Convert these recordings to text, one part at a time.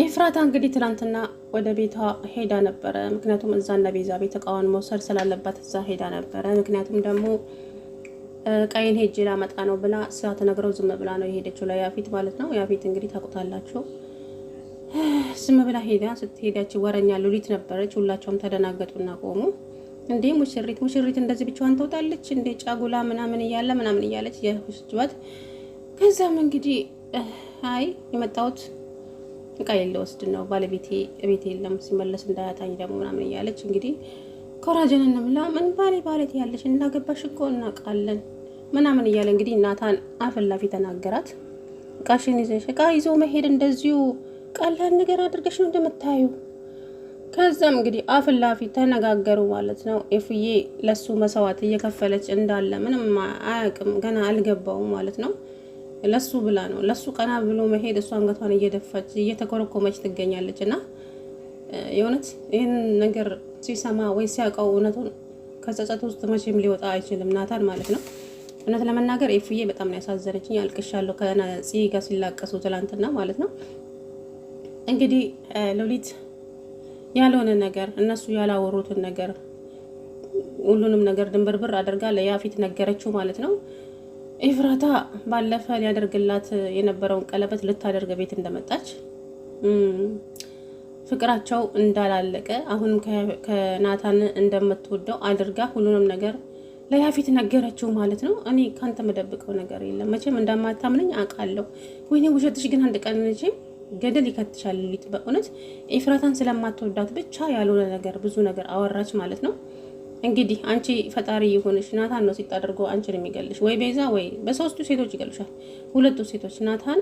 ኤፍራታ እንግዲህ ትናንትና ወደ ቤቷ ሄዳ ነበረ። ምክንያቱም እዛ እና ቤዛ ቤት እቃውን መውሰድ ስላለባት እዛ ሄዳ ነበረ። ምክንያቱም ደግሞ ቀይን ሄጄ ላመጣ ነው ብላ ሳትነግረው ዝም ብላ ነው የሄደችው፣ ለያፊት ማለት ነው። ያፊት እንግዲህ ታውቁታላችሁ። ዝም ብላ ሄዳ ስትሄዳች ወረኛ ሉሊት ነበረች። ሁላቸውም ተደናገጡና ቆሙ። እንዴ ሙሽሪት ሙሽሪት እንደዚህ ብቻዋን ተውጣለች እንዴ ጫጉላ ምናምን እያለ ምናምን እያለች የስጅበት ከዛም እንግዲህ አይ የመጣሁት የለ ወስድ ነው ባለቤቴ እቤት የለም ሲመለስ እንዳያታኝ ደግሞ ምናምን እያለች እንግዲህ ኮራጀን እንምላ ምን ባሌ ባሌት ያለች እንዳገባሽ እኮ እናውቃለን ምናምን እያለ እንግዲህ እናታን አፈላፊ ተናገራት። እቃሽን ይዘሽ እቃ ይዞ መሄድ እንደዚሁ ቀላል ነገር አድርገሽ ነው እንደምታዩ። ከዛም እንግዲህ አፍላፊ ተነጋገሩ ማለት ነው። ኤፍዬ ለሱ መስዋዕት እየከፈለች እንዳለ ምንም አያውቅም ገና አልገባውም ማለት ነው። ለሱ ብላ ነው ለሱ ቀና ብሎ መሄድ እሷ አንገቷን እየደፋች እየተኮረኮመች ትገኛለች። እና የእውነት ይህን ነገር ሲሰማ ወይ ሲያውቀው እውነቱን ከጸጸት ውስጥ መቼም ሊወጣ አይችልም፣ ናታን ማለት ነው። እውነት ለመናገር ኤፉዬ በጣም ነው ያሳዘነችኝ። አልቅሻለሁ ከነፂ ጋር ሲላቀሱ ትላንትና ማለት ነው። እንግዲህ ሉሊት ያልሆነ ነገር እነሱ ያላወሩትን ነገር ሁሉንም ነገር ድንብርብር አድርጋ ለያፊት ነገረችው ማለት ነው። ኤፍራታ ባለፈ ሊያደርግላት የነበረውን ቀለበት ልታደርግ ቤት እንደመጣች ፍቅራቸው እንዳላለቀ አሁንም ከናታን እንደምትወደው አድርጋ ሁሉንም ነገር ለያፊት ነገረችው ማለት ነው። እኔ ካንተ መደብቀው ነገር የለም መቼም እንደማታምነኝ አውቃለሁ። ወይኔ ውሸትሽ ግን አንድ ቀን ገደል ይከትሻል ሊጥ በእውነት ኤፍራታን ስለማትወዳት ብቻ ያልሆነ ነገር ብዙ ነገር አወራች ማለት ነው። እንግዲህ አንቺ ፈጣሪ የሆነች ናታን ነው ሲታደርገው አንቺን የሚገልሽ ወይ ቤዛ ወይ በሶስቱ ሴቶች ይገልሻል። ሁለቱ ሴቶች ናታን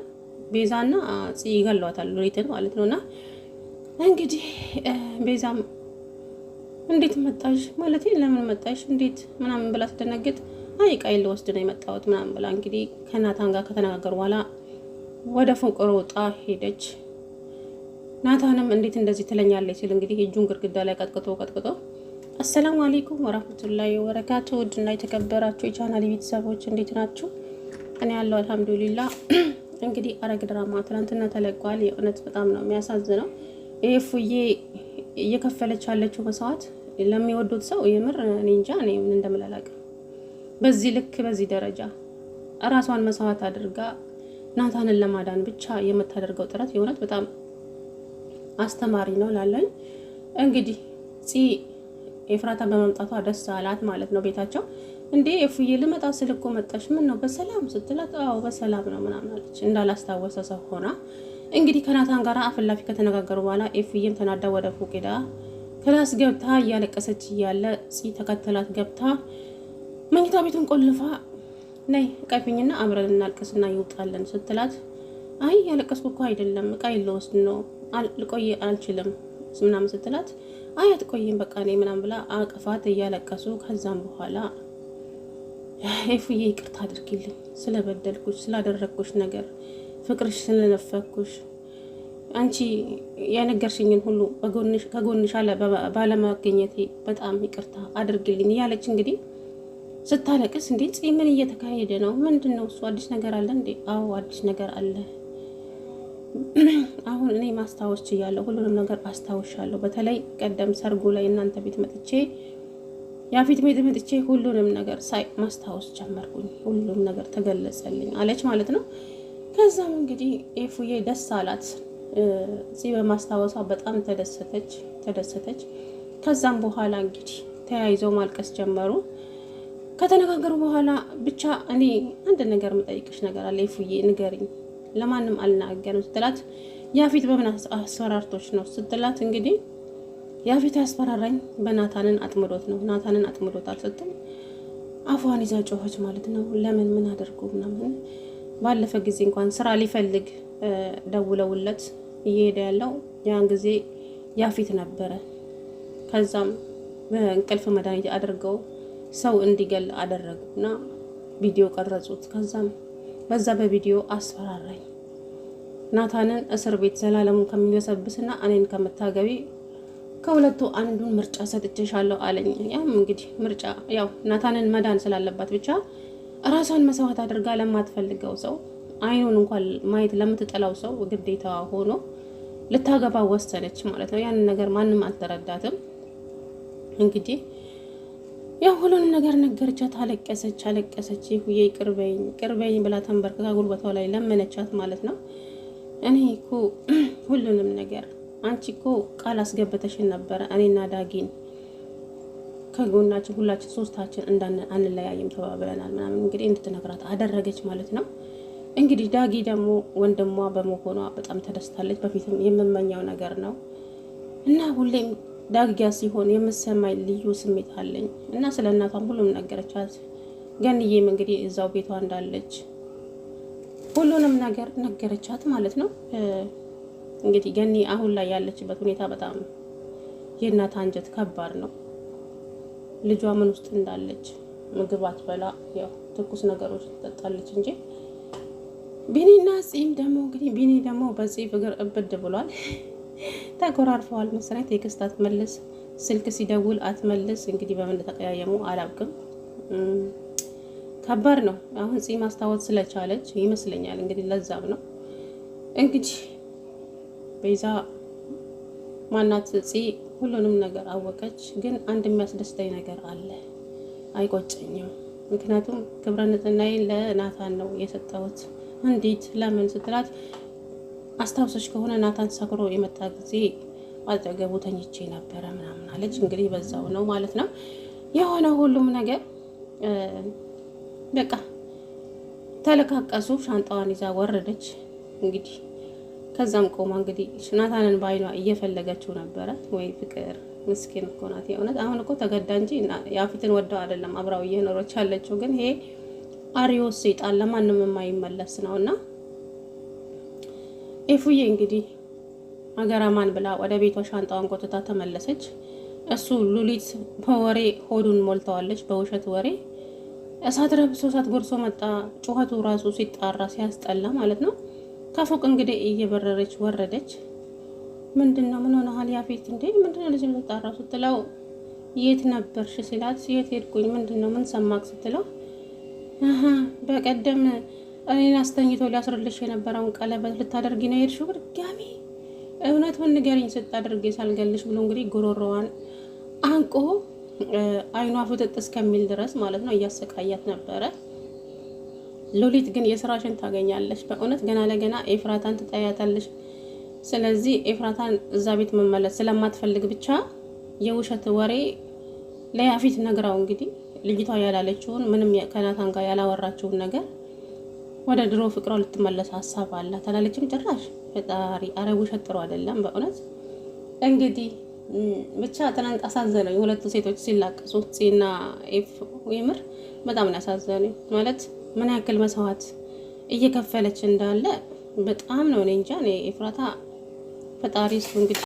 ቤዛ ቤዛና ጽ ይገሏታል ሎሊትን ማለት ነው። እና እንግዲህ ቤዛም እንዴት መጣሽ ማለት ለምን መጣሽ እንዴት ምናምን ብላ ስደነግጥ አይ ቃይል ወስድ ነው የመጣሁት ምናምን ብላ እንግዲህ ከናታን ጋር ከተነጋገሩ በኋላ ወደ ፎቅ ሮጣ ሄደች። ናታንም እንዴት እንደዚህ ትለኛለች ሲል እንግዲህ እጁን ግድግዳ ላይ ቀጥቅጦ ቀጥቅጦ አሰላሙ አሌይኩም ወራህመቱላሂ ወበረካቱ። ውድና የተከበራችሁ የቻናል ቤተሰቦች እንዴት ናችሁ? እኔ ያለው አልሐምዱሊላ። እንግዲህ ሐረግ ድራማ ትናንትና ተለቋል። የእውነት በጣም ነው የሚያሳዝነው። ይሄ ፉዬ እየከፈለች ያለችው መስዋዕት ለሚወዱት ሰው የምር እኔ እንጃ እኔ ምን እንደምላላቅ። በዚህ ልክ በዚህ ደረጃ እራሷን መስዋዕት አድርጋ ናታንን ለማዳን ብቻ የምታደርገው ጥረት የእውነት በጣም አስተማሪ ነው ላለኝ እንግዲህ ኤፍራታ በመምጣቷ ደስ አላት ማለት ነው። ቤታቸው እንዴ የፉዬ ልመጣ ስል እኮ መጣሽ፣ ምን ነው በሰላም ስትላት፣ አዎ በሰላም ነው ምናምን አለች እንዳላስታወሰ ሰው ሆና። እንግዲህ ከናታን ጋር አፍላፊ ከተነጋገሩ በኋላ ኤፍዬም ተናዳ ወደ ፎቅ ሄዳ ክላስ ገብታ እያለቀሰች እያለ ፂ ተከተላት ገብታ መኝታ ቤቱን ቆልፋ ነይ ቀፊኝና አብረን እናልቀስና ይውጣለን ስትላት አይ ያለቀስኩ እኮ አይደለም እቃ የለወስድ ነው ልቆይ አልችልም ምናምን ስትላት አይ አትቆይም በቃ እኔ ምናምን ብላ አቅፋት እያለቀሱ ከዛም በኋላ ኤፉዬ ይቅርታ አድርጊልኝ ስለበደልኩሽ፣ ስላደረግኩሽ ነገር ፍቅርሽ ስለነፈኩሽ አንቺ የነገርሽኝን ሁሉ ከጎንሽ ባለማገኘቴ በጣም ይቅርታ አድርግልኝ እያለች እንግዲህ ስታለቅስ፣ እንዴ ምን እየተካሄደ ነው? ምንድን ነው እሱ? አዲስ ነገር አለ እንዴ? አዎ አዲስ ነገር አለ አሁን እኔ ማስታወስ ችያለሁ። ሁሉንም ነገር አስታውሻለሁ። በተለይ ቀደም ሰርጉ ላይ እናንተ ቤት መጥቼ ያፊት ቤት መጥቼ ሁሉንም ነገር ሳይ ማስታወስ ጀመርኩኝ። ሁሉም ነገር ተገለጸልኝ አለች ማለት ነው። ከዛም እንግዲህ ኤፉዬ ደስ አላት እዚህ በማስታወሷ በጣም ተደሰተች ተደሰተች። ከዛም በኋላ እንግዲህ ተያይዘው ማልቀስ ጀመሩ። ከተነጋገሩ በኋላ ብቻ እኔ አንድ ነገር የምጠይቅሽ ነገር አለ ኤፉዬ ንገርኝ ለማንም አልናገርም ስትላት ያፊት በምን አስፈራርቶች ነው ስትላት እንግዲህ ያፊት ያስፈራራኝ በናታንን አጥምዶት ነው ናታንን አጥምዶታል ስትል አፏን ይዛ ጮኸች ማለት ነው። ለምን ምን አደርጉ ምናምን ባለፈ ጊዜ እንኳን ስራ ሊፈልግ ደውለውለት እየሄደ ያለው ያን ጊዜ ያፊት ነበረ። ከዛም በእንቅልፍ መድኃኒት አድርገው ሰው እንዲገል አደረጉና ቪዲዮ ቀረጹት። ከዛም በዛ በቪዲዮ አስፈራራኝ ናታንን እስር ቤት ዘላለሙን ከሚበሰብስና እኔን ከምታገቢ ከሁለቱ አንዱን ምርጫ ሰጥቼሻለሁ አለኝ። ያም እንግዲህ ምርጫ ያው ናታንን መዳን ስላለባት ብቻ እራሷን መስዋዕት አድርጋ ለማትፈልገው ሰው አይኑን እንኳን ማየት ለምትጠላው ሰው ግዴታ ሆኖ ልታገባ ወሰነች ማለት ነው። ያንን ነገር ማንም አልተረዳትም። እንግዲህ ያው ሁሉንም ነገር ነገረቻት። አለቀሰች አለቀሰች፣ ይሁዬ ቅርበኝ ቅርበኝ ብላ ተንበርክካ ጉልበቷ ላይ ለመነቻት ማለት ነው። እኔ እኮ ሁሉንም ነገር አንቺ እኮ ቃል አስገብተሽን ነበረ እኔና ዳጊን ከጎናችን ሁላችን ሶስታችን አንለያይም ተባብለናል ምናምን እንግዲህ እንድትነግራት አደረገች ማለት ነው። እንግዲህ ዳጊ ደግሞ ወንድሟ በመሆኗ በጣም ተደስታለች። በፊትም የምመኘው ነገር ነው እና ሁሌም ዳጊያ ሲሆን የምሰማኝ ልዩ ስሜት አለኝ እና ስለ እናቷም ሁሉም ነገረቻት። ገንዬም እንግዲህ እዛው ቤቷ እንዳለች ሁሉንም ነገር ነገረቻት ማለት ነው። እንግዲህ ገኒ አሁን ላይ ያለችበት ሁኔታ በጣም የእናት አንጀት ከባድ ነው። ልጇ ምን ውስጥ እንዳለች ምግብ አትበላ፣ ያው ትኩስ ነገሮች ትጠጣለች እንጂ ቢኒና ጺም ደግሞ እንግዲህ ቢኒ ደግሞ በዚህ እግር እብድ ብሏል። ተጎራርፈዋል። መሰረት የክስት አትመልስ፣ ስልክ ሲደውል አትመልስ። እንግዲህ በምን ተቀያየሙ አላውቅም። ከባድ ነው። አሁን ፂ ማስታወት ስለቻለች ይመስለኛል እንግዲህ ለዛም ነው እንግዲህ ቤዛ ማናት ፂ ሁሉንም ነገር አወቀች። ግን አንድ የሚያስደስተኝ ነገር አለ፣ አይቆጨኝም። ምክንያቱም ክብረ ንጽህናዬ ለናታን ነው የሰጠሁት። እንዴት ለምን ስትላት አስታውሶች ከሆነ ናታን ሰክሮ የመጣ ጊዜ አጠገቡ ተኝቼ ነበረ ምናምን አለች። እንግዲህ በዛው ነው ማለት ነው የሆነ ሁሉም ነገር በቃ ተለካቀሱ። ሻንጣዋን ይዛ ወረደች። እንግዲህ ከዛም ቆማ እንግዲህ ናታንን በአይኗ እየፈለገችው ነበረ። ወይ ፍቅር ምስኪን እኮ ናት የእውነት። አሁን እኮ ተገዳ እንጂ ያፊትን ወደው አይደለም አብራው እየኖረች ያለችው። ግን ይሄ አሪዎስ ሰይጣን ለማንም የማይመለስ ነው እና ኤፉዬ እንግዲህ አገራማን ብላ ወደ ቤቷ ሻንጣዋን ጎትታ ተመለሰች። እሱ ሉሊት በወሬ ሆዱን ሞልተዋለች፣ በውሸት ወሬ እሳት ረብሶ እሳት ጎርሶ መጣ። ጩኸቱ ራሱ ሲጣራ ሲያስጠላ ማለት ነው። ከፎቅ እንግዲህ እየበረረች ወረደች። ምንድን ነው ምን ሆነሃል ያፌት? እንዴ ምንድን ነው ልጅ የምትጣራው ስትለው የት ነበርሽ ሲላት የት ሄድኩኝ፣ ምንድን ነው ምን ሰማክ ስትለው በቀደም እኔን አስተኝቶ ሊያስርልሽ የነበረውን ቀለበት ልታደርጊ ነው የሄድሽው? ድጋሚ እውነቱን ንገሪኝ ስታደርጊ ሳልገልሽ ብሎ እንግዲህ ጉሮሮዋን አንቆ አይኗ ፍጥጥ እስከሚል ድረስ ማለት ነው እያሰቃያት ነበረ። ሎሊት ግን የስራሽን ታገኛለች። በእውነት ገና ለገና ኤፍራታን ትጠያታለች። ስለዚህ ኤፍራታን እዛ ቤት መመለስ ስለማትፈልግ ብቻ የውሸት ወሬ ለያፊት ነግራው እንግዲህ ልጅቷ ያላለችውን ምንም ከናታን ጋር ያላወራችውን ነገር ወደ ድሮ ፍቅሯ ልትመለስ ሀሳብ አላት አላለችም ጭራሽ። ፈጣሪ አረ ውሸት ጥሩ አይደለም በእውነት እንግዲህ ብቻ ትናንት አሳዘነኝ። ሁለቱ ሴቶች ሲላቀሱ ጺና ኤፍ የምር በጣም ነው ያሳዘነኝ። ማለት ምን ያክል መስዋዕት እየከፈለች እንዳለ በጣም ነው። እኔ እንጃ። ኤፍራታ ፈጣሪ እሱ እንግዲህ